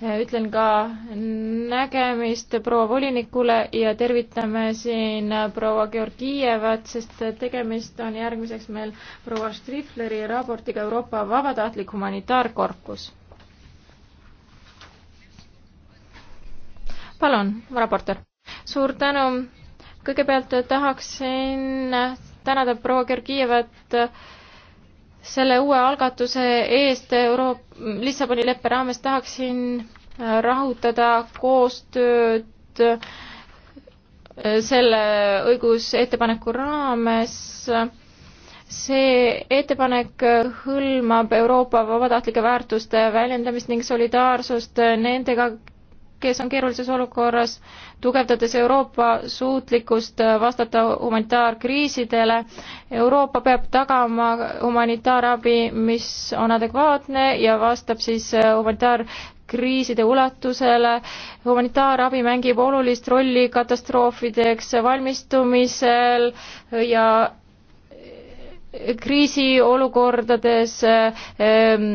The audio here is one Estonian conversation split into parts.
ütlen ka nägemist proua volinikule ja tervitame siin proua Georgievat, sest tegemist on järgmiseks meil proua Strifleri raportiga Euroopa Vabatahtlik Humanitaarkorpus. palun, raportöör. suur tänu. kõigepealt tahaksin tänada proua Georgievat selle uue algatuse eest Euro-, Lissaboni leppe raames tahaksin äh, rahutada koostööd äh, selle õigusettepaneku raames. see ettepanek hõlmab Euroopa vabatahtlike väärtuste väljendamist ning solidaarsust nendega, kes on keerulises olukorras, tugevdades Euroopa suutlikkust äh, vastata humanitaarkriisidele. Euroopa peab tagama humanitaarabi, mis on adekvaatne ja vastab siis äh, humanitaarkriiside ulatusele. humanitaarabi mängib olulist rolli katastroofideks valmistumisel ja äh, kriisiolukordades ähm,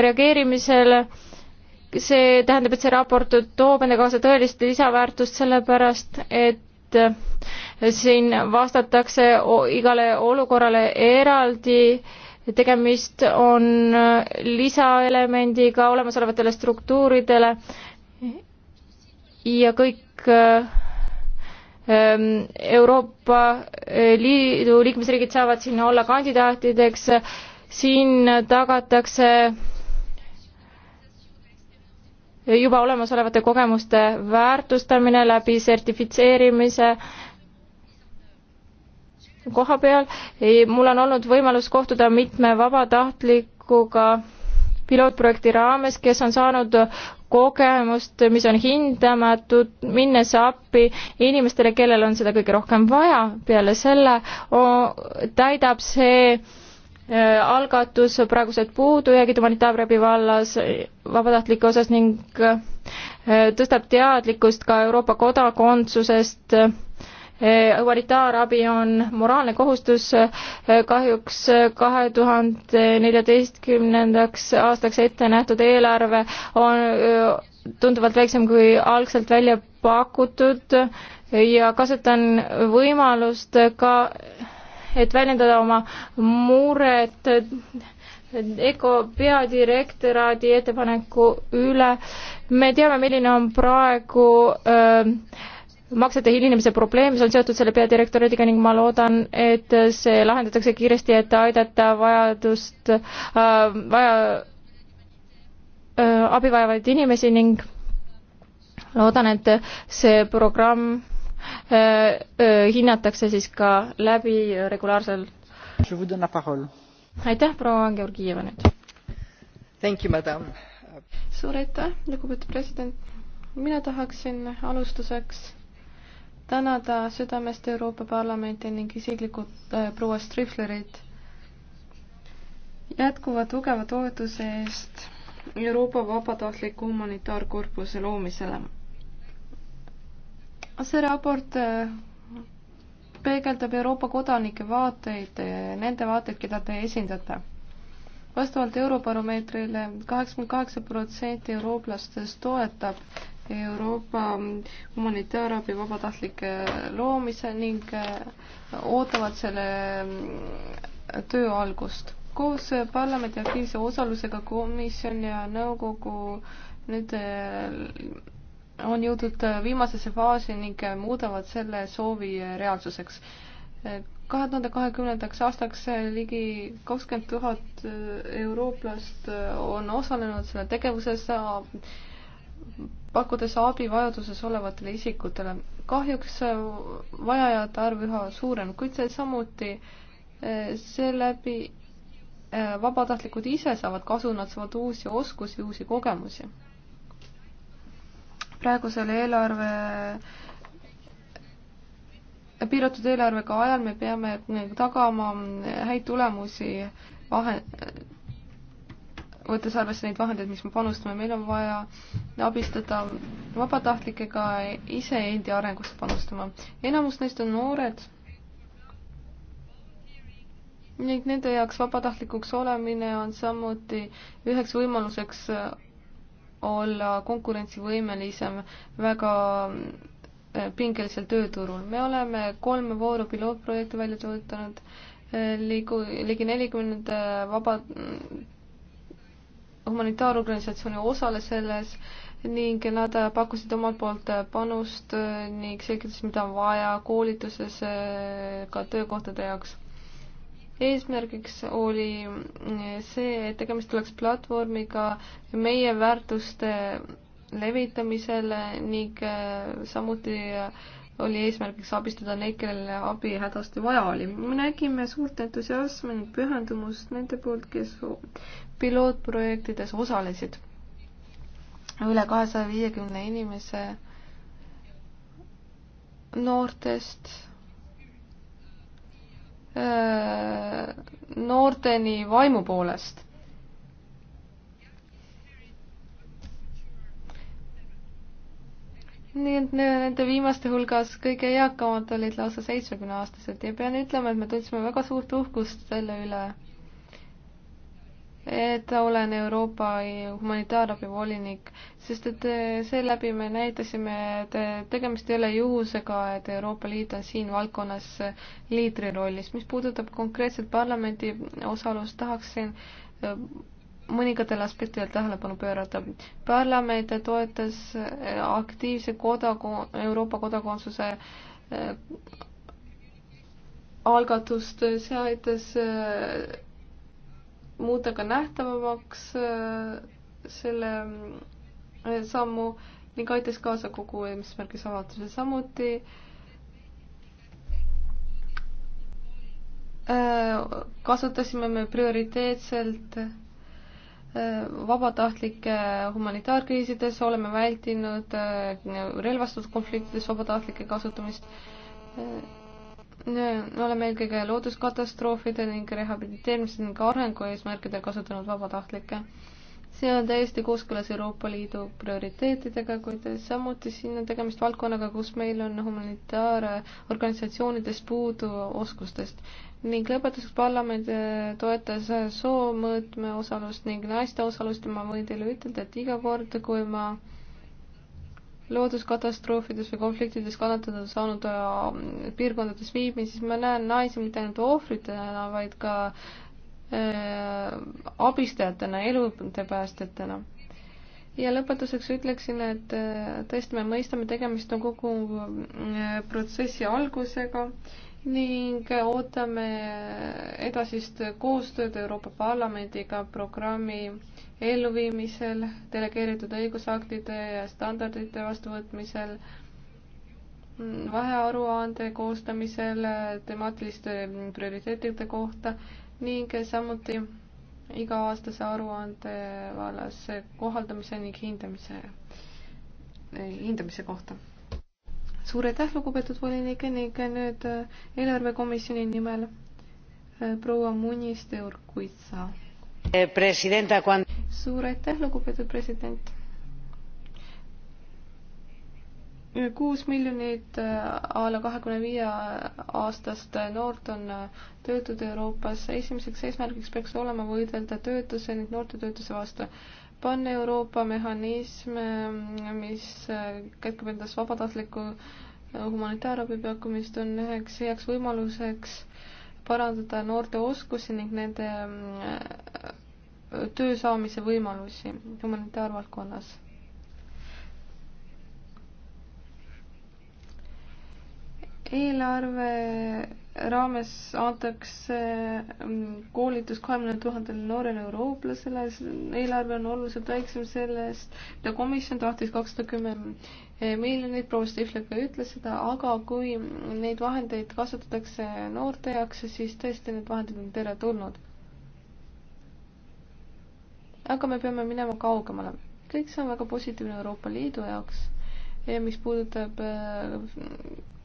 reageerimisel see tähendab, et see raport toob enda kaasa tõelist lisaväärtust, sellepärast et äh, siin vastatakse igale olukorrale eraldi, tegemist on äh, lisaelemendiga olemasolevatele struktuuridele ja kõik äh, ähm, Euroopa Liidu liikmesriigid saavad sinna olla kandidaatideks, siin tagatakse juba olemasolevate kogemuste väärtustamine läbi sertifitseerimise koha peal. mul on olnud võimalus kohtuda mitme vabatahtlikuga pilootprojekti raames, kes on saanud kogemust, mis on hindamatud, minnes appi inimestele, kellel on seda kõige rohkem vaja, peale selle o, täidab see Äh, algatus, praegused puudujäägid humanitaarabi vallas äh, vabatahtlike osas ning äh, tõstab teadlikkust ka Euroopa kodakondsusest. humanitaarabi on moraalne kohustus, kahjuks kahe tuhande neljateistkümnendaks aastaks ette nähtud eelarve on tunduvalt väiksem kui algselt välja pakutud ja kasutan võimalust ka et väljendada oma muret EKO peadirektoraadi ettepaneku üle. me teame, milline on praegu öö, maksete hilinemise probleem, see on seotud selle peadirektoraadiga ning ma loodan, et see lahendatakse kiiresti, et aidata vajadust äh,, vaja äh,, abi vajavaid inimesi ning loodan, et see programm Äh, äh, hinnatakse siis ka läbi regulaarsel. aitäh, proua Georgieva nüüd. suur aitäh, lugupeetud president. mina tahaksin alustuseks tänada südamest Euroopa Parlamenti ning isiklikult äh, proua Striflerit jätkuva tugeva toetuse eest Euroopa vabatahtliku humanitaarkorpuse loomisele see raport äh, peegeldab Euroopa kodanike vaateid, nende vaateid, keda te esindate. vastavalt Eurobaromeetrile kaheksakümmend kaheksa protsenti eurooplastest toetab Euroopa humanitaarabi vabatahtlike loomise ning äh, ootavad selle mm, töö algust. koos parlamendi aktiivse osalusega komisjon ja nõukogu nüüd äh, on jõudnud äh, viimasesse faasi ning äh, muudavad selle soovi äh, reaalsuseks. kahe tuhande kahekümnendaks aastaks ligi kakskümmend tuhat eurooplast on osalenud selle tegevuses, pakkudes abi vajaduses olevatele isikutele. kahjuks vajajate arv üha suureneb, kuid see samuti seeläbi vabatahtlikud ise saavad kasu, nad saavad uusi oskusi, uusi kogemusi praegusel eelarve piiratud eelarvega ajal me peame tagama häid tulemusi vahe, võttes arvesse neid vahendeid, mis me panustame, meil on vaja abistada vabatahtlikega ise endi arengusse panustama. enamus neist on noored ning nende jaoks vabatahtlikuks olemine on samuti üheks võimaluseks olla konkurentsivõimelisem väga äh, pingelisel tööturul. me oleme kolme vooru pilootprojekti välja töötanud, äh, liigu, ligi nelikümmend äh, vaba mm, humanitaarorganisatsiooni osales selles ning nad pakkusid omalt poolt panust ning selgitasid, mida on vaja koolituses ka töökohtade jaoks eesmärgiks oli eh, see, et tegemist oleks platvormiga meie väärtuste levitamisele ning eh, samuti oli eesmärgiks abistada neid, kellele abi hädasti vaja oli. me nägime suurt entusiasmi ning pühendumust nende poolt, kes pilootprojektides osalesid. üle kahesaja viiekümne inimese noortest Äh, noorteni vaimu poolest. nii et nende viimaste hulgas kõige eakamad olid lausa seitsmekümneaastased ja pean ütlema, et me tundsime väga suurt uhkust selle üle, et olen Euroopa humanitaarabi volinik sest et eh, seeläbi me näitasime, et eh, tegemist ei ole juhusega, et Euroopa Liit on siin valdkonnas eh, liidri rollis. mis puudutab konkreetselt parlamendi osalust, tahaksin mõningatele aspektidele tähelepanu pöörata. parlament toetas aktiivse kodako-, Euroopa kodakondsuse algatust, see aitas muuta ka nähtavamaks selle sammu ning aitas kaasa kogu eesmärgis avalduse samuti. Äh, kasutasime me prioriteetselt äh, vabatahtlike humanitaarkriisides, oleme vältinud äh, relvastuskonfliktides vabatahtlike kasutamist. oleme eelkõige looduskatastroofide ning rehabiliteerimise ning arengu eesmärkidel kasutanud vabatahtlikke see on täiesti kooskõlas Euroopa Liidu prioriteetidega, kuid samuti siin on tegemist valdkonnaga, kus meil on humanitaarorganisatsioonides puudu oskustest. ning lõpetuseks parlament äh, toetas äh, soomõõtme osalust ning naiste osalust ja ma võin teile ütelda, et iga kord, kui ma looduskatastroofides või konfliktides kannatada saanud äh, piirkondades viibin, siis ma näen naisi mitte ainult ohvritena, vaid ka äh, Äh, abistajatena, elude päästjatena. ja lõpetuseks ütleksin, et äh, tõesti, me mõistame, tegemist on kogu äh, protsessi algusega ning ootame edasist koostööd Euroopa Parlamendiga programmi elluviimisel, delegeeritud õigusaktide ja standardite vastuvõtmisel, vahearuande koostamisel temaatiliste prioriteetide kohta ning samuti iga-aastase aruande vallas kohaldamise ning hindamise, hindamise kohta. suur aitäh, lugupeetud volinik ning nüüd äh, eelarvekomisjoni nimel äh, proua Munis de Urquiza. suur aitäh, lugupeetud president kuus miljonit äh, alla kahekümne viie aastast noort on äh, töötud Euroopas. esimeseks eesmärgiks peaks olema võidelda töötuse ning noorte töötuse vastu. Pan-Euroopa mehhanism, äh, mis kätkeb endas vabatahtlikku humanitaarabi pakkumist, on üheks heaks võimaluseks parandada noorte oskusi ning nende mm, töö saamise võimalusi humanitaarvaldkonnas eelarve raames antakse mm, koolitus kahekümne tuhandele noorele eurooplasele, eelarve on oluliselt väiksem sellest, mida komisjon tahtis kakssada kümme miljonit, proua Stifler ka ütles seda, aga kui neid vahendeid kasutatakse noorte jaoks, siis tõesti need vahendid on teretulnud. aga me peame minema kaugemale. kõik see on väga positiivne Euroopa Liidu jaoks ja eh, mis puudutab eh,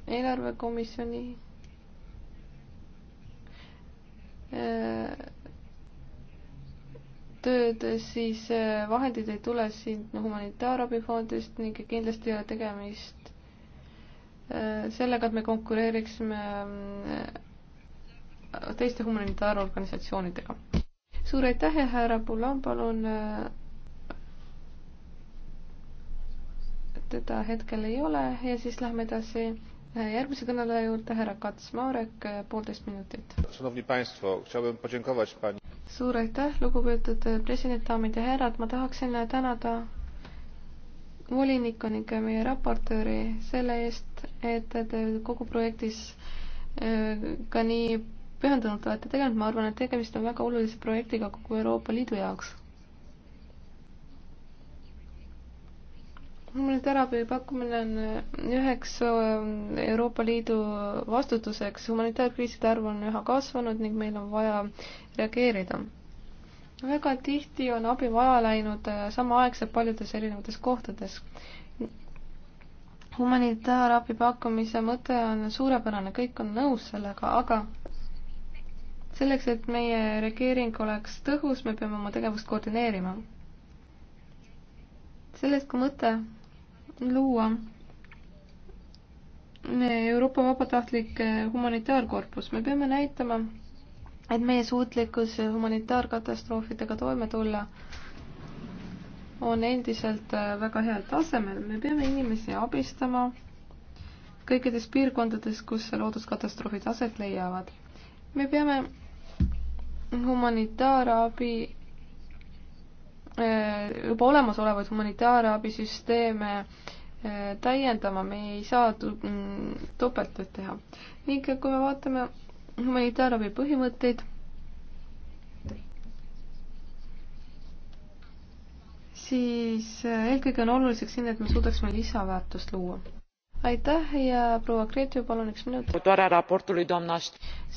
eelarvekomisjoni äh, tööd, siis äh, vahendid ei tule siin humanitaarabifondist ning kindlasti ei ole tegemist äh, sellega, et me konkureeriksime teiste humanitaarorganisatsioonidega. suur aitäh ja härra Bulan, palun. teda hetkel ei ole ja siis lähme edasi järgmise kõneleja juurde, härra Kats Marek, eh, poolteist minutit. suur aitäh, lugupeetud eh, president, daamid ja härrad, ma tahaksin eh, tänada volinikku ning meie raportööri selle eest, et te kogu projektis ka nii pühendunult olete tegelenud, ma arvan, et tegemist on väga olulise projektiga kogu Euroopa Liidu jaoks mulle teraapi pakkumine on äh, üheks äh, Euroopa Liidu vastutuseks. humanitaarkriiside arv on üha kasvanud ning meil on vaja reageerida. väga tihti on abi vaja läinud äh, samaaegselt paljudes erinevates kohtades. humanitaarabi pakkumise mõte on suurepärane, kõik on nõus sellega, aga selleks, et meie reageering oleks tõhus, me peame oma tegevust koordineerima sellest ka mõte, luua Euroopa vabatahtlik eh, humanitaarkorpus, me peame näitama, et meie suutlikkus humanitaarkatastroofidega toime tulla on endiselt eh, väga heal tasemel, me peame inimesi abistama kõikides piirkondades, kus looduskatastroofid aset leiavad. me peame humanitaarabi Äh, juba olemasolevaid humanitaarabisüsteeme äh, täiendama, me ei saa mm, topeltööd teha. ning kui me vaatame humanitaarabi põhimõtteid, siis äh, eelkõige on oluliseks siin, et me suudaksime lisaväärtust luua. aitäh ja proua Gretu, palun üks minut.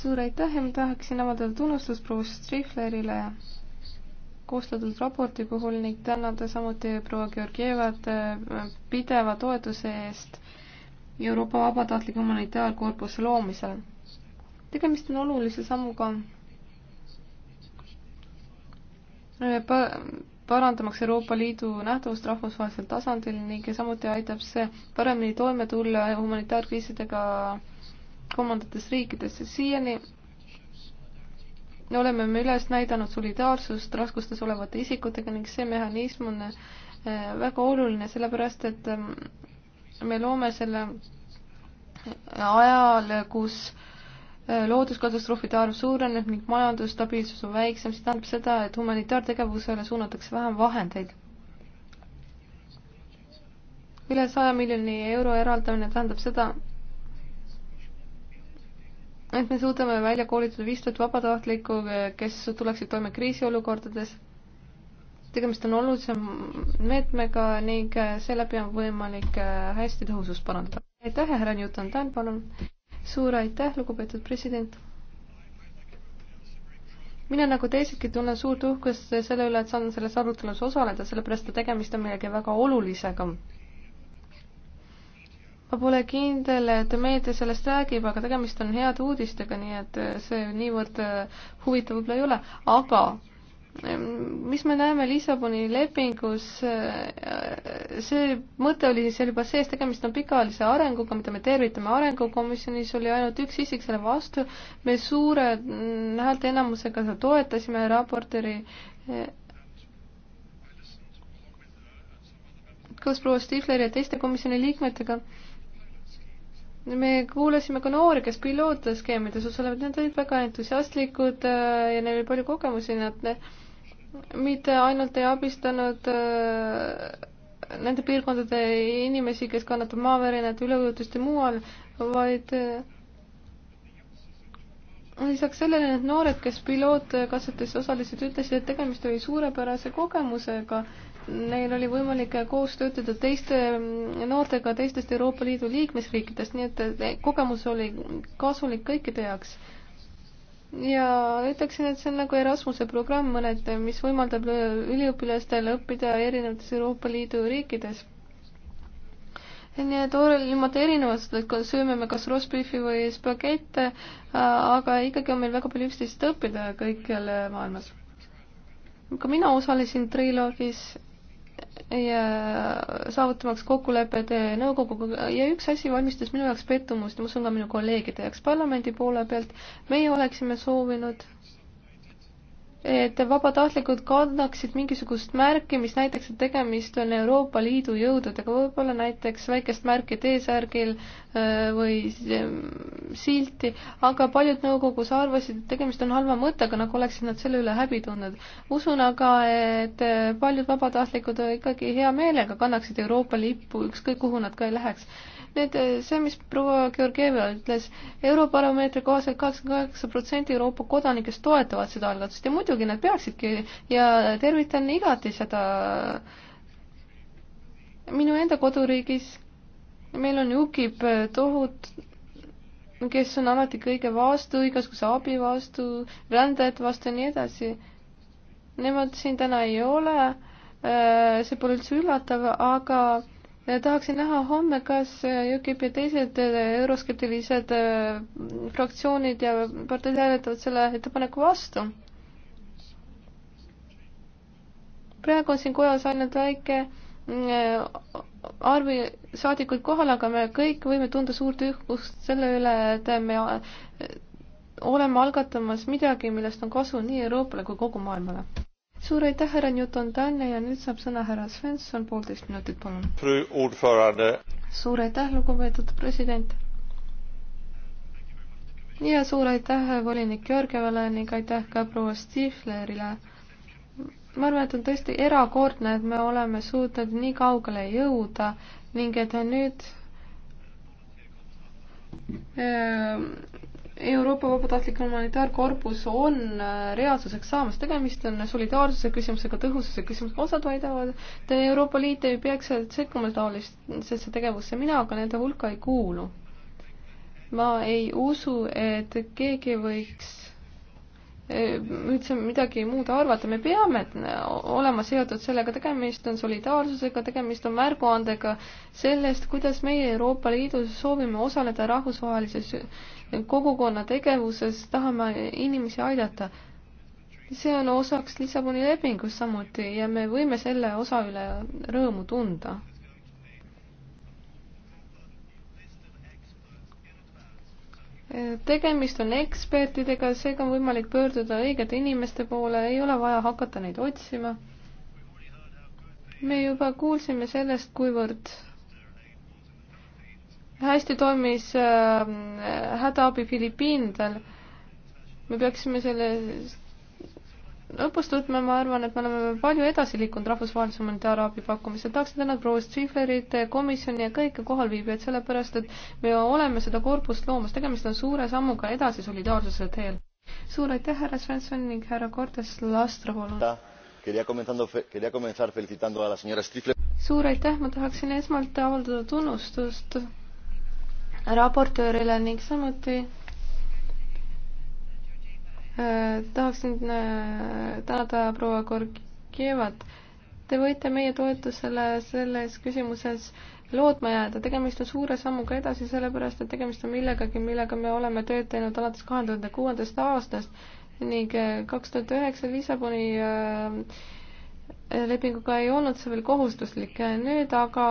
suur aitäh ja ma tahaksin avaldada tunnustust proua Strihlerile koostatud raporti puhul ning tänada samuti proua Georgievat äh, pideva toetuse eest Euroopa Vabatahtliku Humanitaarkorpuse loomisel. tegemist on olulise sammuga äh, parandamaks Euroopa Liidu nähtavust rahvusvahelisel tasandil ning samuti aitab see paremini toime tulla humanitaarkriisidega kolmandates riikides. siiani me oleme me üles näidanud solidaarsust raskustes olevate isikutega ning see mehhanism on äh, väga oluline, sellepärast et ähm, me loome selle ajal, kus äh, looduskatastroofide arv suureneb ning majandusstabiilsus on väiksem, see tähendab seda, et humanitaartegevusele suunatakse vähem vahendeid. üle saja miljoni euro eraldamine tähendab seda, et me suudame välja koolitada viis tuhat vabatahtlikku, kes tuleksid toime kriisiolukordades. tegemist on olulise meetmega ning seeläbi on võimalik äh, hästi tõhusust parandada. aitäh, härra Newton-Tan, palun. suur aitäh, lugupeetud president. mina nagu teisedki tunnen suurt uhkust selle üle, et saan selles arutelus osaleda, sellepärast et tegemist on millegi väga olulisega ma pole kindel, et meedia sellest räägib, aga tegemist on heade uudistega, nii et äh, see niivõrd äh, huvitav võib-olla ei ole, aga mis me näeme Lissaboni lepingus, äh, see mõte oli seal juba sees, tegemist on pikaajalise arenguga, mida me tervitame, arengukomisjonis oli ainult üks isik selle vastu, me suure mm, häälteenamusega seda toetasime, raportööri koos proua Stifleri ja teiste komisjoni liikmetega me kuulasime ka noori, kes pilootskeemides osalevad, nad olid väga entusiastlikud äh, ja neil oli palju kogemusi, nad mitte ainult ei abistanud äh, nende piirkondade inimesi, kes kannatab maavärinat, üleujutust ja muu all, vaid äh, lisaks sellele need noored, kes pilootkatsetes osalesid, ütlesid, et tegemist oli suurepärase kogemusega äh, neil oli võimalik koos töötada teiste noortega teistest Euroopa Liidu liikmesriikidest, nii et kogemus oli kasulik kõikide jaoks. ja ütleksin, et see on nagu Erasmuse programm mõned, mis võimaldab üliõpilastel õppida erinevates Euroopa Liidu riikides. nii et hoolimata erinevast, et sööme me kas rosbiffi või spagette, aga ikkagi on meil väga palju üksteisest õppida kõikjal maailmas ka mina osalesin triloogis ja saavutamaks kokkulepped nõukoguga ja üks asi valmistas minu jaoks pettumust ja ma usun ka minu kolleegide jaoks parlamendi poole pealt. meie oleksime soovinud et vabatahtlikud kannaksid mingisugust märki, mis näiteks, et tegemist on Euroopa Liidu jõududega, võib-olla näiteks väikest märki T-särgil äh, või ähm, silti, aga paljud nõukogus arvasid, et tegemist on halva mõttega, nagu oleksid nad selle üle häbi tundnud. usun aga, et äh, paljud vabatahtlikud ikkagi hea meelega kannaksid Euroopa lippu, ükskõik kuhu nad ka ei läheks nüüd see, mis proua Georgieva ütles, Eurobaromeetri kohaselt kaheksakümmend kaheksa protsenti Euroopa kodanikest toetavad seda algatust ja muidugi nad peaksidki ja tervitan igati seda. minu enda koduriigis meil on UKIP tohut-, kes on alati kõige vastu, igasuguse abi vastu, rändajate vastu ja nii edasi. Nemad siin täna ei ole, äh, see pole üldse üllatav, aga tahaksin näha homme, kas UKIP ja teised euroskeptilised äh, fraktsioonid ja parteid hääletavad selle ettepaneku vastu. praegu on siin kojas ainult väike äh, arvi saadikuid kohal, aga me kõik võime tunda suurt uhkust selle üle, et me äh, oleme algatamas midagi, millest on kasu nii Euroopale kui kogu maailmale suur aitäh, härra Newton-Tann ja nüüd saab sõna härra Svensson, poolteist minutit, palun. suur aitäh, lugupeetud president. ja suur aitäh volinik Georgievale ning aitäh ka proua Stiflerile. ma arvan, et on tõesti erakordne, et me oleme suutnud nii kaugele jõuda ning et nüüd äh, Euroopa Vabatahtlik Humanitaarkorpus on äh, reaalsuseks saamas, tegemist on solidaarsuse küsimusega, tõhususe küsimusega, osad väidavad, et Euroopa Liit ei peaks sekkuma taolisesse tegevusse, mina aga nende hulka ei kuulu. ma ei usu, et keegi võiks üldse midagi muud arvata, me peame äh, olema seotud sellega, tegemist on solidaarsusega, tegemist on märguandega sellest, kuidas meie Euroopa Liidus soovime osaleda rahvusvahelises äh, kogukonna tegevuses, tahame inimesi aidata. see on osaks Lissaboni lepingust samuti ja me võime selle osa üle rõõmu tunda tegemist on ekspertidega, seega on võimalik pöörduda õigete inimeste poole, ei ole vaja hakata neid otsima. me juba kuulsime sellest, kuivõrd hästi toimis äh, hädaabi Filipiinidel. me peaksime sellest õppust võtma, ma arvan, et me oleme palju edasi liikunud rahvusvahelise humanitaarabi pakkumisel, tahaksin tänada proua Schifferit, komisjoni ja kõiki kohalviibijaid, sellepärast et me oleme seda korpust loomas, tegemist on suure sammuga edasi solidaarsuse teel. suur aitäh, härra Svensson ning härra Cortes Lastra, palun. suur aitäh, ma tahaksin esmalt avaldada tunnustust raportöörile ning samuti Äh, tahaksin äh, tänada proua Gorgievat. Te võite meie toetusele selles küsimuses lootma jääda, tegemist on suure sammuga edasi, sellepärast et tegemist on millegagi, millega me oleme tööd teinud alates kahe tuhande kuuendast aastast ning äh, kaks tuhat üheksa Lissaboni lepinguga ei olnud see veel kohustuslik, nüüd aga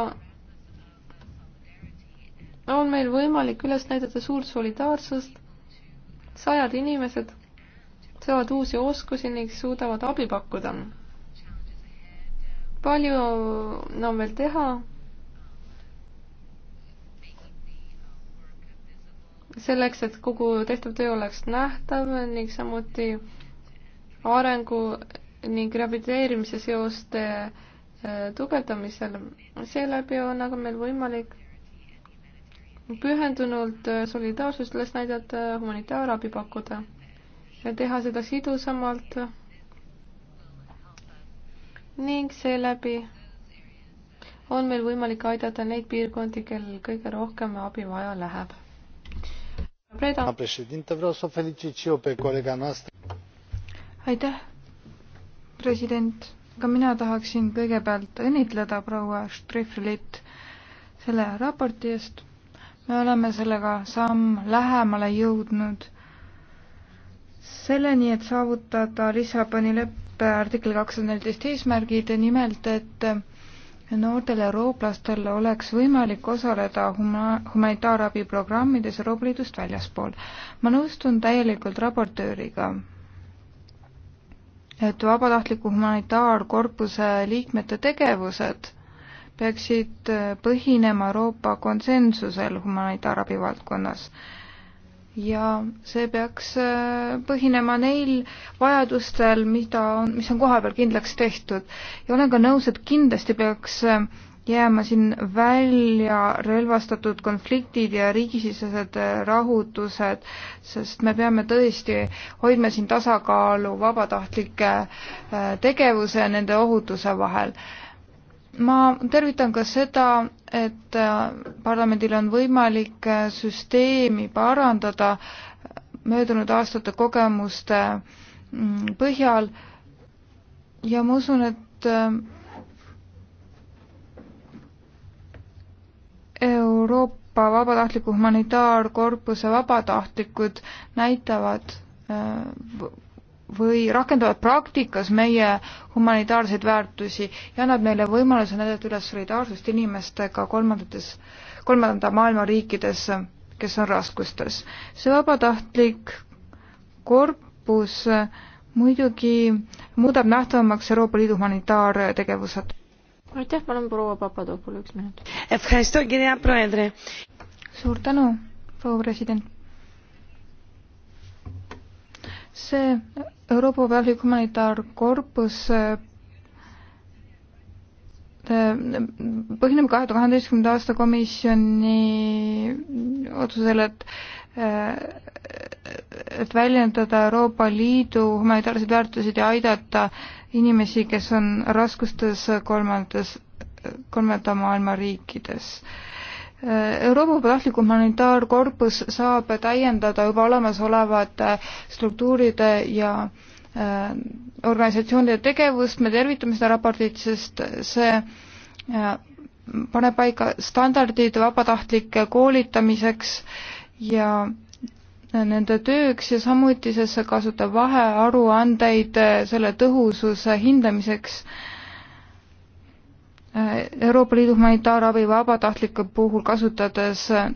on meil võimalik üles näidata suurt solidaarsust, sajad inimesed saavad uusi oskusi ning suudavad abi pakkuda. palju on no, veel teha. selleks, et kogu tehtav töö oleks nähtav ning samuti arengu ning rehabiliteerimise seoste äh, tugevdamisel. seeläbi on aga meil võimalik pühendunult äh, solidaarsust üles näidata, humanitaarabi pakkuda ja teha seda sidusamalt ning seeläbi on meil võimalik aidata neid piirkondi, kellel kõige rohkem abi vaja läheb. aitäh, president. ka mina tahaksin kõigepealt õnnitleda proua Štriflit selle raporti eest. me oleme sellega samm lähemale jõudnud selleni, et saavutada Lissaboni leppe artikli kakssada neliteist eesmärgid, nimelt et noortel eurooplastel oleks võimalik osaleda huma-, humanitaarabiprogrammides Euroopa Liidust väljaspool. ma nõustun täielikult raportööriga, et vabatahtliku humanitaarkorpuse liikmete tegevused peaksid põhinema Euroopa konsensusel humanitaarabi valdkonnas ja see peaks äh, põhinema neil vajadustel, mida on, mis on kohapeal kindlaks tehtud. ja olen ka nõus, et kindlasti peaks äh, jääma siin välja relvastatud konfliktid ja riigisisesed äh, rahutused, sest me peame tõesti hoidma siin tasakaalu vabatahtlike tegevuse ja nende ohutuse vahel. ma tervitan ka seda, et äh, parlamendil on võimalik äh, süsteemi parandada möödunud aastate kogemuste mm, põhjal ja ma usun, et äh, Euroopa vabatahtliku humanitaarkorpuse vabatahtlikud näitavad või rakendavad praktikas meie humanitaarseid väärtusi ja annab meile võimaluse näidata üles solidaarsust inimestega kolmandates, kolmanda maailma riikides, kes on raskustes. see vabatahtlik korpus muidugi muudab nähtavamaks Euroopa Liidu humanitaartegevused. aitäh, palun proua Papadopol, üks minut. suur tänu, proua president see Euroopa Valley humanitaarkorpus põhineb kahe tuhande kaheteistkümnenda aasta komisjoni otsusel, et et väljendada Euroopa Liidu humanitaarseid väärtuseid ja aidata inimesi, kes on raskustes kolmandas, kolmanda maailma riikides äh, Euroopa Vabatahtlik Humanitaarkorpus saab täiendada juba olemasolevate äh, struktuuride ja äh, organisatsioonide tegevust, me tervitame seda raportit, sest see äh, paneb paika standardid vabatahtlike koolitamiseks ja nende tööks ja samuti see kasutab vahearuandeid selle tõhususe hindamiseks äh, Euroopa Liidu humanitaarabi vabatahtlike puhul kasutades äh,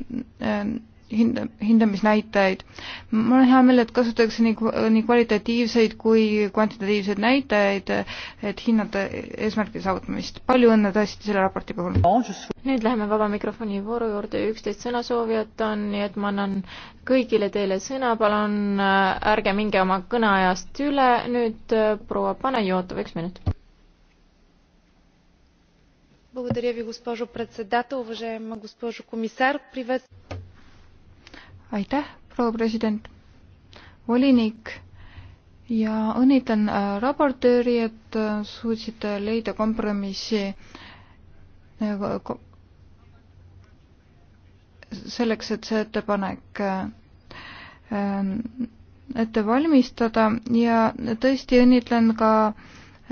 hinda, hindamisnäitajaid. mul on hea meel, et kasutatakse nii, nii kvalitatiivseid kui kvantitatiivseid näitajaid, et hinnata eesmärkide saavutamist. palju õnne tõesti selle raporti puhul! nüüd läheme vaba mikrofoni vooru juurde, üksteist sõnasoovijat on, nii et ma annan kõigile teile sõna, palun äh, ärge minge oma kõneajast üle, nüüd äh, proua Panajotov, üks minut aitäh, proua president, volinik ja õnnitlen äh, raportööri, et äh, suutsite leida kompromissi äh, selleks, et see ettepanek ähm, ette valmistada ja tõesti õnnitlen ka äh,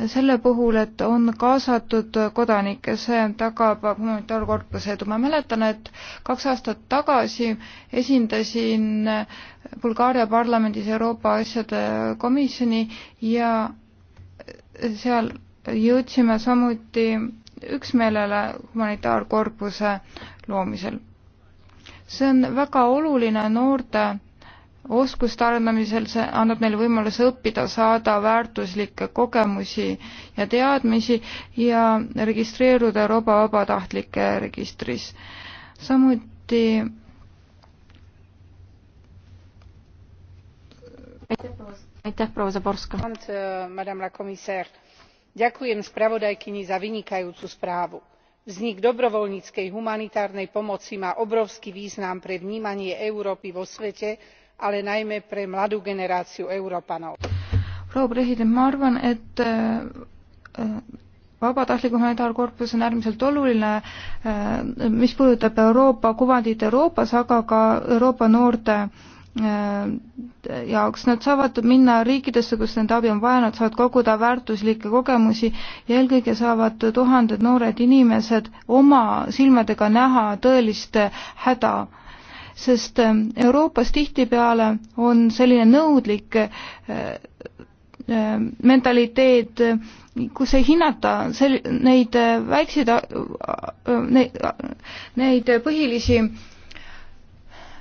selle puhul, et on kaasatud kodanikke, see tagab humanitaarkorpuse edu. ma mäletan, et kaks aastat tagasi esindasin Bulgaaria parlamendis Euroopa asjade komisjoni ja seal jõudsime samuti üksmeelele humanitaarkorpuse loomisel. see on väga oluline noorte oskuste arendamisel, see annab neile võimaluse õppida, saada väärtuslikke kogemusi ja teadmisi ja registreeruda Euroopa vabatahtlike registris. samuti aitäh, proua Zaborska! Äh, ďakujem spravodajkyni za vynikajúcu správu. vznik dobrovoľníckej humanitárnej pomoci má obrovský význam pre vnímanie európy vo svete ale najmä pre mladú generáciu európanov. proua president ma arvan et äh, äh, vabatahtlik humanitaarkorpus on äärmiselt oluline äh, mis puudutab euroopa kuvandit euroopas aga ka euroopa noorte jaoks, nad saavad minna riikidesse, kus nende abi on vaja, nad saavad koguda väärtuslikke kogemusi ja eelkõige saavad tuhanded noored inimesed oma silmadega näha tõelist häda sest ähm, Euroopas tihtipeale on selline nõudlik äh, ähm, mentaliteet, kus ei hinnata sel-, neid äh, väikseid, äh, neid, neid põhilisi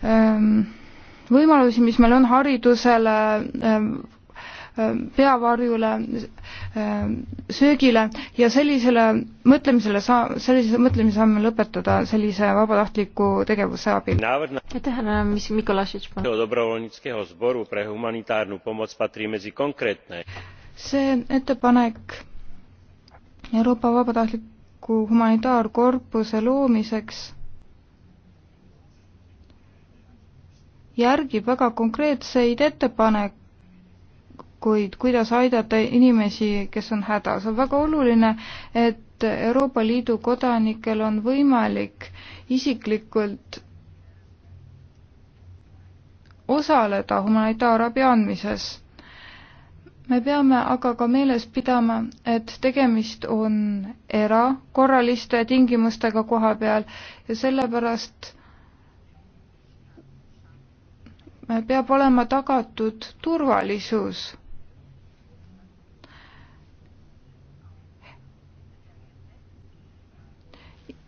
ähm, võimalusi, mis meil on haridusele, peavarjule, ähm, söögile ja sellisele mõtlemisele saa-, sellise mõtlemise saame lõpetada sellise vabatahtliku tegevuse abil. aitäh, härra Mikolašič, palun. see ettepanek Euroopa vabatahtliku humanitaarkorpuse loomiseks järgib väga konkreetseid ettepanekuid, valikuid, kuidas aidata inimesi, kes on hädas. on väga oluline, et Euroopa Liidu kodanikel on võimalik isiklikult osaleda humanitaarabi andmises. me peame aga ka meeles pidama, et tegemist on erakorraliste tingimustega koha peal ja sellepärast peab olema tagatud turvalisus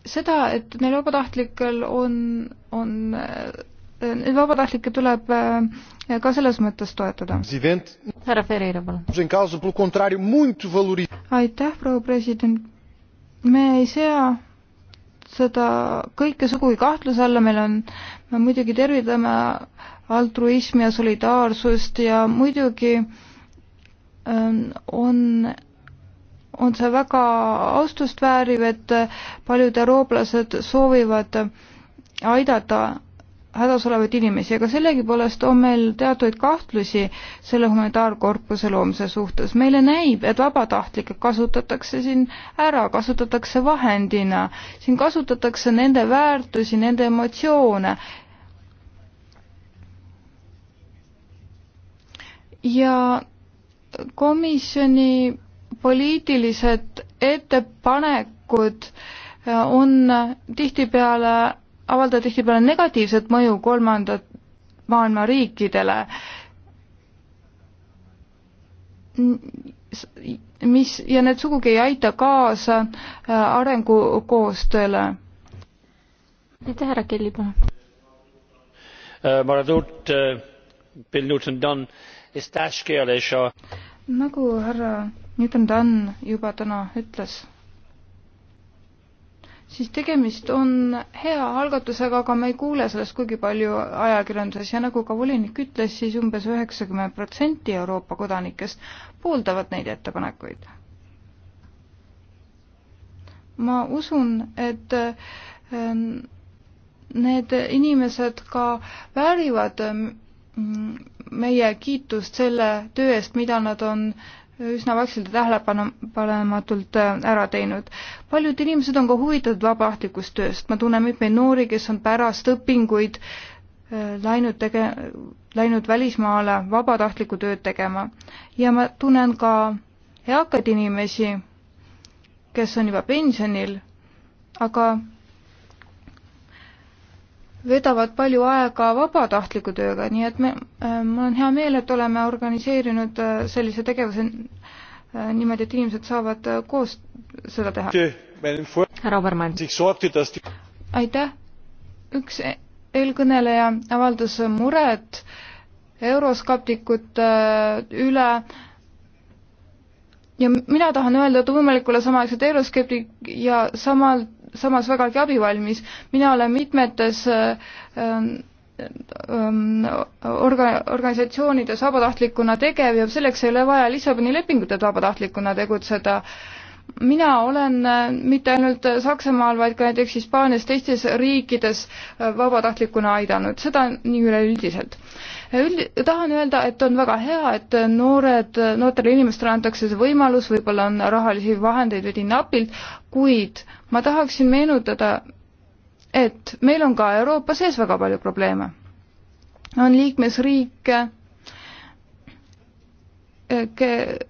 seda, et neil vabatahtlikel on, on, neid vabatahtlikke tuleb eh, ka selles mõttes toetada. härra Ferreira, palun. aitäh, proua president. me ei sea seda kõike sugugi kahtluse alla, meil on, me muidugi tervitame altruismi ja solidaarsust ja muidugi ähm, on on see väga austust vääriv, et paljud eurooplased soovivad aidata hädas olevaid inimesi, aga sellegipoolest on meil teatuid kahtlusi selle humanitaarkorpuse loomise suhtes. meile näib, et vabatahtlikke kasutatakse siin ära, kasutatakse vahendina, siin kasutatakse nende väärtusi, nende emotsioone. ja komisjoni poliitilised ettepanekud äh, on tihtipeale, avaldavad tihtipeale negatiivset mõju kolmandat maailma riikidele, mis, ja need sugugi ei aita kaasa äh, arengukoostööle. aitäh, härra Kelly, palun. Äh, nagu härra Newton Dunn juba täna ütles, siis tegemist on hea algatusega, aga me ei kuule sellest kuigi palju ajakirjanduses ja nagu ka volinik ütles, siis umbes üheksakümmend protsenti Euroopa kodanikest pooldavad neid ettepanekuid. ma usun, et ähm, need inimesed ka väärivad mm, meie kiitust selle töö eest, mida nad on üsna vaikselt ja tähelepanematult äh, ära teinud. paljud inimesed on ka huvitatud vabatahtlikust tööst, ma tunnen mitmeid noori, kes on pärast õpinguid äh, läinud tege-, läinud välismaale vabatahtlikku tööd tegema. ja ma tunnen ka eakaid inimesi, kes on juba pensionil, aga veedavad palju aega vabatahtliku tööga, nii et me, äh, mul on hea meel, et oleme organiseerinud äh, sellise tegevuse äh, niimoodi, et inimesed saavad koos seda teha. härra Obermann. aitäh. üks e-, eelkõneleja avaldas muret euroskaptikute üle ja mina tahan öelda, et võimalikule samaaegselt euroskeptik ja samalt samas vägagi abivalmis. mina olen mitmetes äh, ähm, ähm, orga-, organisatsioonides vabatahtlikuna tegev ja selleks ei ole vaja Lissaboni lepingutes vabatahtlikuna tegutseda äh, mina olen äh, mitte ainult Saksamaal, vaid ka näiteks Hispaanias, teistes riikides äh, vabatahtlikuna aidanud, seda nii üleüldiselt. Äh, Üld-, tahan öelda, et on väga hea, et noored, noortele inimestele antakse see võimalus, võib-olla on rahalisi vahendeid veidi napilt, kuid ma tahaksin meenutada, et meil on ka Euroopa sees väga palju probleeme. on liikmesriike, ke-,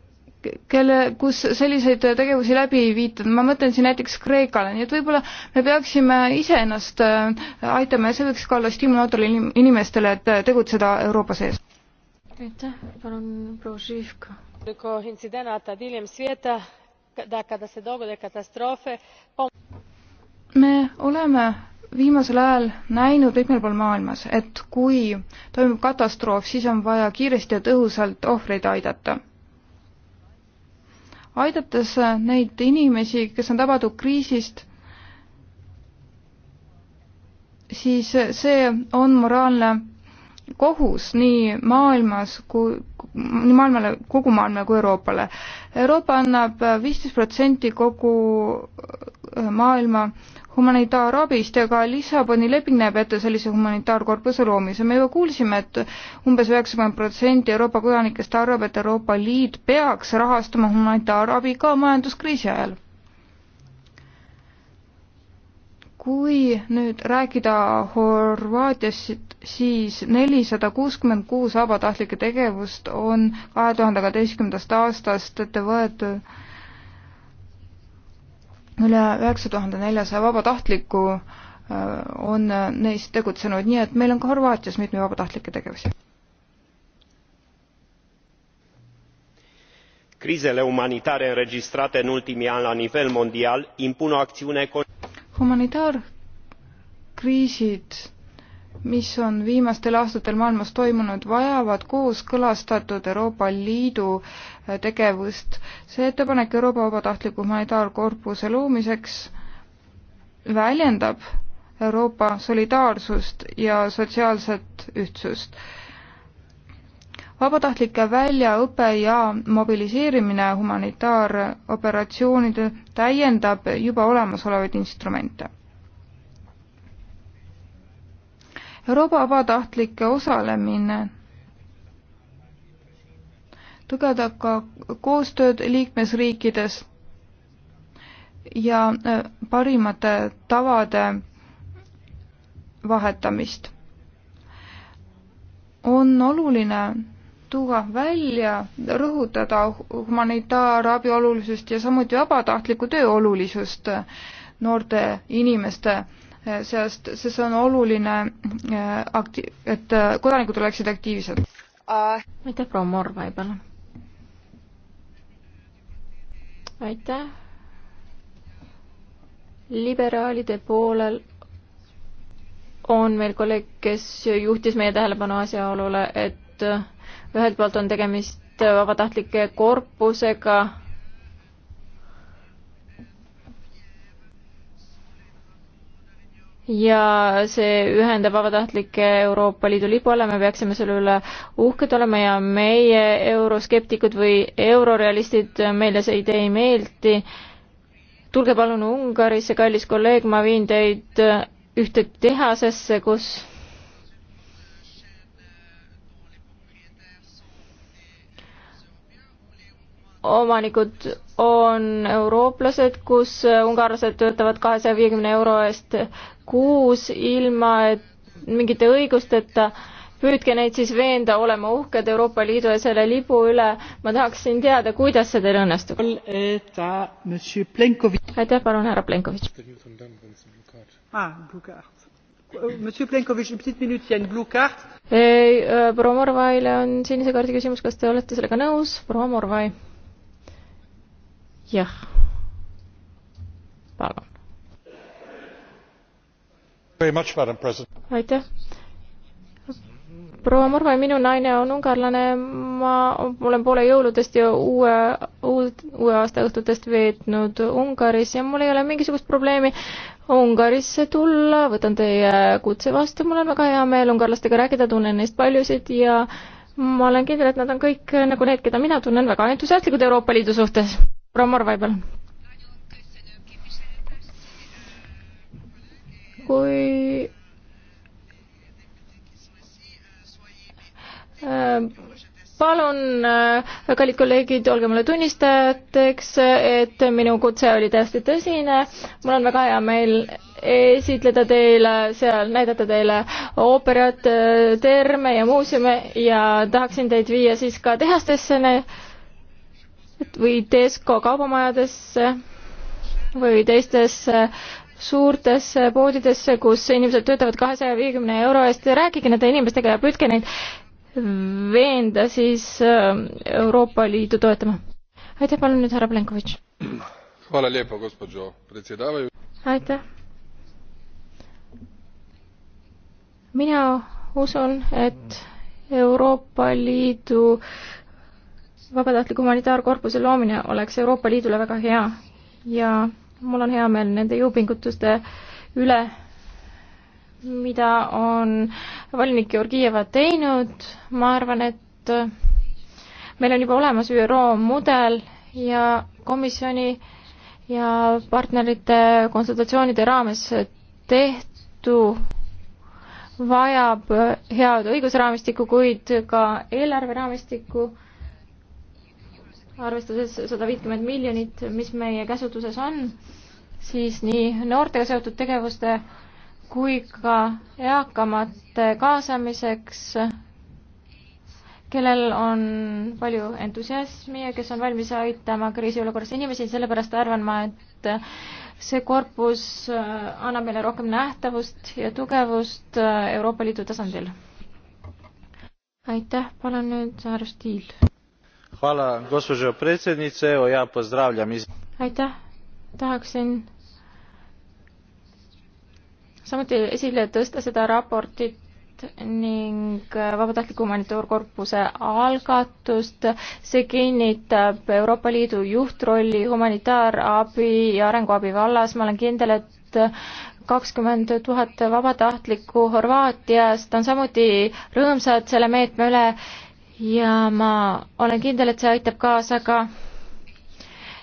kelle, kus selliseid tegevusi läbi ei viita, ma mõtlen siin näiteks Kreekale, nii et võib-olla me peaksime iseennast äh, aitama ja see võiks ka olla stiimul noortele inimestele, et äh, tegutseda Euroopa sees. aitäh, palun proua Živka. me oleme viimasel ajal näinud mitmel pool maailmas, et kui toimub katastroof, siis on vaja kiiresti ja tõhusalt ohvreid aidata aidates äh, neid inimesi, kes on tabatud kriisist, siis äh, see on moraalne kohus nii maailmas kui, nii maailmale, kogu maailmale kui Euroopale. Euroopa annab äh, viisteist protsenti kogu maailma äh, humanitaarabist ja ka Lissaboni leping näeb ette sellise humanitaarkorpuse loomise. me juba kuulsime, et umbes üheksakümmend protsenti Euroopa kodanikest arvab, et Euroopa Liit peaks rahastama humanitaarabi ka majanduskriisi ajal. kui nüüd rääkida Horvaatiast, siis nelisada kuuskümmend kuus vabatahtlikke tegevust on kahe tuhande kaheteistkümnendast aastast ette võetud üle üheksa tuhande neljasaja vabatahtliku äh, on äh, neist tegutsenud, nii et meil on ka Horvaatias mitmeid vabatahtlikke tegevusi. crizele umanitare înregistrate în ultimii ani la nivel mondial impun o acțiune humanitaarkriisid, mis on viimastel aastatel maailmas toimunud, vajavad kooskõlastatud Euroopa Liidu tegevust. see ettepanek Euroopa Vabatahtliku Humanitaarkorpuse loomiseks väljendab Euroopa solidaarsust ja sotsiaalset ühtsust. vabatahtlike väljaõpe ja mobiliseerimine humanitaaroperatsioonide täiendab juba olemasolevaid instrumente Euroopa vabatahtlike osalemine tugevdab ka koostööd liikmesriikides ja äh, parimate tavade vahetamist. on oluline tuua välja, rõhutada humanitaarabi olulisust ja samuti vabatahtliku töö olulisust noorte inimeste äh, seast, sest see on oluline äh, akti-, et kodanikud oleksid aktiivsed. aitäh, proua Morvai, palun aitäh. liberaalide poolel on meil kolleeg, kes juhtis meie tähelepanu asjaolule, et ühelt poolt on tegemist vabatahtlike korpusega, ja see ühendab vabatahtlike Euroopa Liidu lipu alla, me peaksime selle üle uhked olema ja meie euroskeptikud või eurorealistid, meile see idee ei meeldi. tulge palun Ungarisse, kallis kolleeg, ma viin teid ühte tehasesse, kus omanikud on eurooplased, kus ungarlased töötavad kahesaja viiekümne euro eest kuus ilma et mingite õigusteta. püüdke neid siis veenda olema uhked Euroopa Liidu ja selle lipu üle. ma tahaksin teada, kuidas see teil õnnestub. aitäh, palun härra Plenkovitš. Ah, äh, proua Morvaile on sinise kaardi küsimus, kas te olete sellega nõus? proua Morvai jah, palun. aitäh. proua Morvai, minu naine on ungarlane, ma olen poole jõuludest ja uue, uut, uue aasta õhtutest veetnud Ungaris ja mul ei ole mingisugust probleemi Ungarisse tulla, võtan teie kutse vastu, mul on väga hea meel ungarlastega rääkida, tunnen neist paljusid ja ma olen kindel, et nad on kõik nagu need, keda mina tunnen, väga entusiastlikud Euroopa Liidu suhtes proua Morvaibel. kui äh, palun, äh, kallid kolleegid, olge mulle tunnistajateks, et minu kutse oli täiesti tõsine. mul on väga hea meel esitleda teile seal, näidata teile ooperat, äh, terme ja muuseume ja tahaksin teid viia siis ka tehastesse või Tesco kaubamajadesse või teistesse suurtesse poodidesse, kus inimesed töötavad kahesaja viiekümne euro eest, rääkige nende inimestega ja püüdke neid veenda siis äh, Euroopa Liitu toetama. aitäh, palun nüüd härra Plenkovitš. aitäh. mina usun, et Euroopa Liidu äh, vabatahtliku humanitaarkorpuse loomine oleks Euroopa Liidule väga hea ja mul on hea meel nende jõupingutuste üle, mida on volinik Georgieva teinud, ma arvan, et meil on juba olemas ÜRO mudel ja komisjoni ja partnerite konsultatsioonide raames tehtu vajab head õigusraamistikku, kuid ka eelarveraamistikku arvestades sada viitkümmet miljonit, mis meie käsutuses on, siis nii noortega seotud tegevuste kui ka eakamate kaasamiseks, kellel on palju entusiasmi ja kes on valmis aitama kriisiolukorras inimesi, sellepärast arvan ma, et see korpus äh, annab meile rohkem nähtavust ja tugevust äh, Euroopa Liidu tasandil. aitäh, palun nüüd Saar Stiil gospođo predsjednice evo ja pozdravljam aitäh tahaksin samuti esile tõsta seda raportit ning äh, vabatahtliku humanitaarkorpuse algatust. see kinnitab Euroopa Liidu juhtrolli humanitaarabi ja arenguabi vallas. ma olen kindel, et kakskümmend tuhat vabatahtlikku Horvaatiast on samuti rõõmsad selle meetme üle ja ma olen kindel, et see aitab kaasa ka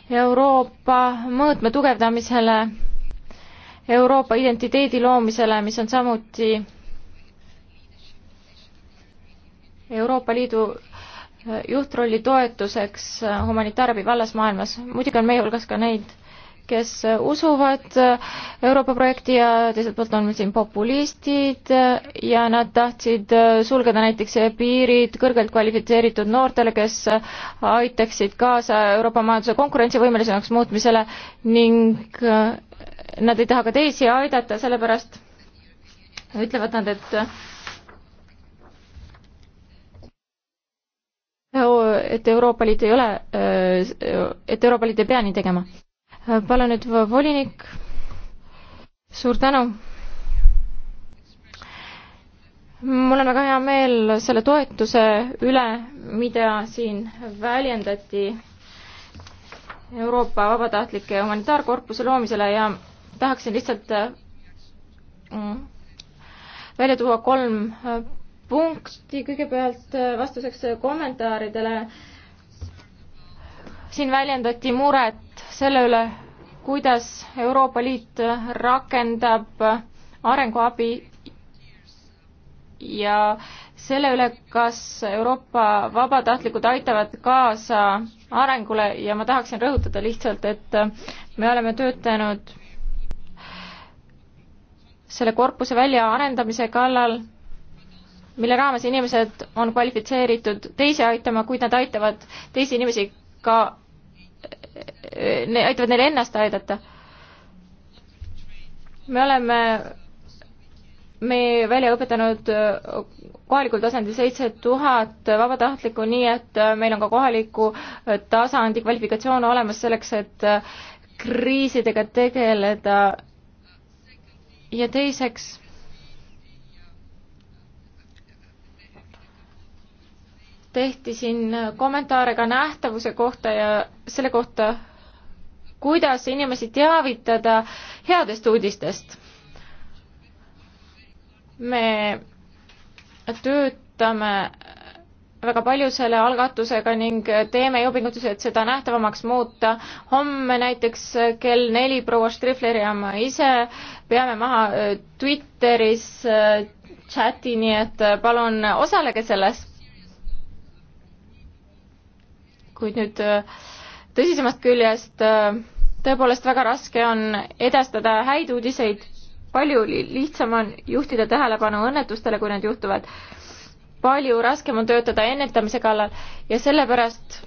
Euroopa mõõtme tugevdamisele, Euroopa identiteedi loomisele, mis on samuti Euroopa Liidu äh, juhtrolli toetuseks äh, humanitaarabi vallas maailmas. muidugi on meie hulgas ka neid kes usuvad Euroopa projekti ja teiselt poolt on siin populistid ja nad tahtsid sulgeda näiteks piirid kõrgelt kvalifitseeritud noortele, kes aitaksid kaasa Euroopa majanduse konkurentsivõimelisemaks muutmisele ning nad ei taha ka teisi aidata, sellepärast ütlevad nad, et et Euroopa Liit ei ole, et Euroopa Liit ei pea nii tegema Äh, palun nüüd volinik. suur tänu. mul on väga hea meel selle toetuse üle, mida siin väljendati Euroopa vabatahtlike humanitaarkorpuse loomisele ja tahaksin lihtsalt mm, välja tuua kolm äh, punkti, kõigepealt äh, vastuseks kommentaaridele äh, siin väljendati muret selle üle, kuidas Euroopa Liit rakendab arenguabi ja selle üle, kas Euroopa vabatahtlikud aitavad kaasa arengule ja ma tahaksin rõhutada lihtsalt, et me oleme töötanud selle korpuse väljaarendamise kallal, mille raames inimesed on kvalifitseeritud teisi aitama, kuid nad aitavad teisi inimesi ka ne-, aitavad neil ennast aidata. me oleme, me välja õpetanud kohalikul tasandil seitse tuhat vabatahtlikku, nii et meil on ka kohaliku tasandi kvalifikatsioon olemas selleks, et kriisidega tegeleda ja teiseks tehti siin kommentaare ka nähtavuse kohta ja selle kohta, kuidas inimesi teavitada headest uudistest. me töötame väga palju selle algatusega ning teeme jõupingutusi, et seda nähtavamaks muuta. homme näiteks kell neli proua Strifler ja ma ise peame maha Twitteris äh, chati, nii et palun osalege selles. kuid nüüd äh, tõsisemast küljest äh, tõepoolest väga raske on edastada häid uudiseid, palju lihtsam on juhtida tähelepanu õnnetustele, kui need juhtuvad. palju raskem on töötada ennetamise kallal ja sellepärast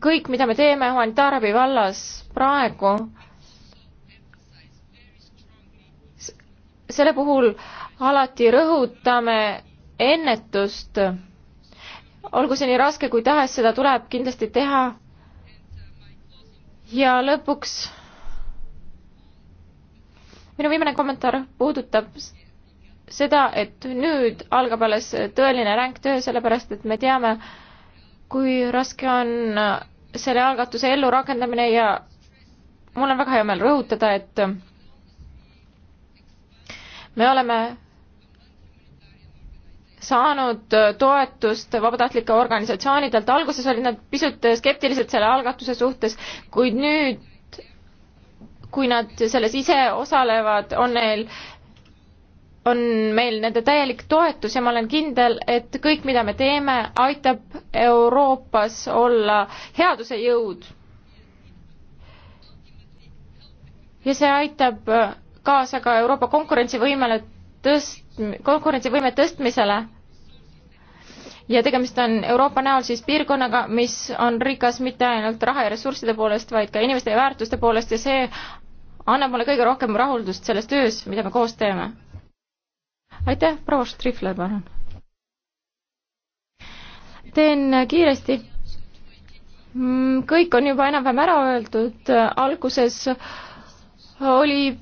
kõik, mida me teeme humanitaarabi vallas praegu, selle puhul alati rõhutame ennetust olgu see nii raske kui tahes, seda tuleb kindlasti teha. ja lõpuks minu viimane kommentaar puudutab seda, et nüüd algab alles tõeline ränk töö, sellepärast et me teame, kui raske on selle algatuse ellurakendamine ja mul on väga hea meel rõhutada, et me oleme saanud äh, toetust vabatahtlike organisatsioonidelt, alguses olid nad pisut äh, skeptilised selle algatuse suhtes, kuid nüüd, kui nad selles ise osalevad, on neil, on meil nende täielik toetus ja ma olen kindel, et kõik, mida me teeme, aitab Euroopas olla headuse jõud. ja see aitab äh, kaasa ka Euroopa konkurentsivõimele tõst-, konkurentsivõime tõstmisele ja tegemist on Euroopa näol siis piirkonnaga, mis on rikas mitte ainult raha ja ressursside poolest, vaid ka inimeste ja väärtuste poolest ja see annab mulle kõige rohkem rahuldust selles töös, mida me koos teeme. aitäh, proua Strihler, palun. teen kiiresti. Mm, kõik on juba enam-vähem ära öeldud, alguses oli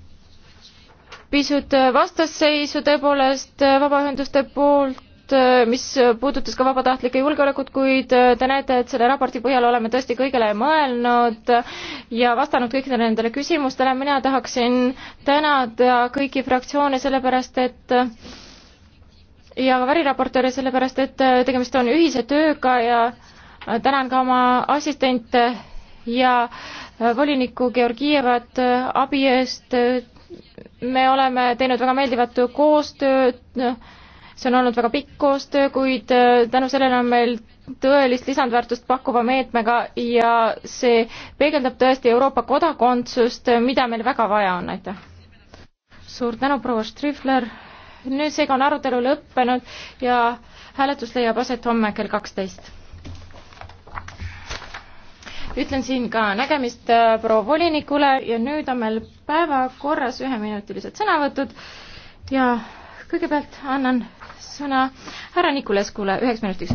pisut vastasseisu tõepoolest vabaühenduste poolt raport, äh, mis puudutas ka vabatahtlike julgeolekut, kuid äh, te näete, et selle raporti põhjal oleme tõesti kõigele mõelnud ja vastanud kõikidele nendele küsimustele. mina tahaksin tänada kõiki fraktsioone sellepärast, et ja ka variraportööre sellepärast, et äh, tegemist on ühise tööga ja tänan ka oma assistente ja volinikku Georgievat abi eest. me oleme teinud väga meeldivat koostööd see on olnud väga pikk koostöö, kuid äh, tänu sellele on meil tõelist lisandväärtust pakkuva meetmega ja see peegeldab tõesti Euroopa kodakondsust, äh, mida meil väga vaja on, aitäh. suur tänu, proua Strifler. nüüd seega on arutelu lõppenud ja hääletus leiab aset homme kell kaksteist. ütlen siin ka nägemist äh, proua volinikule ja nüüd on meil päevakorras üheminutilised sõnavõtud ja kõigepealt annan sõna härra Nikuleskule üheks minutiks.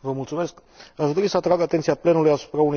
Vă mulțumesc. Aș dori să atrag atenția plenului asupra unei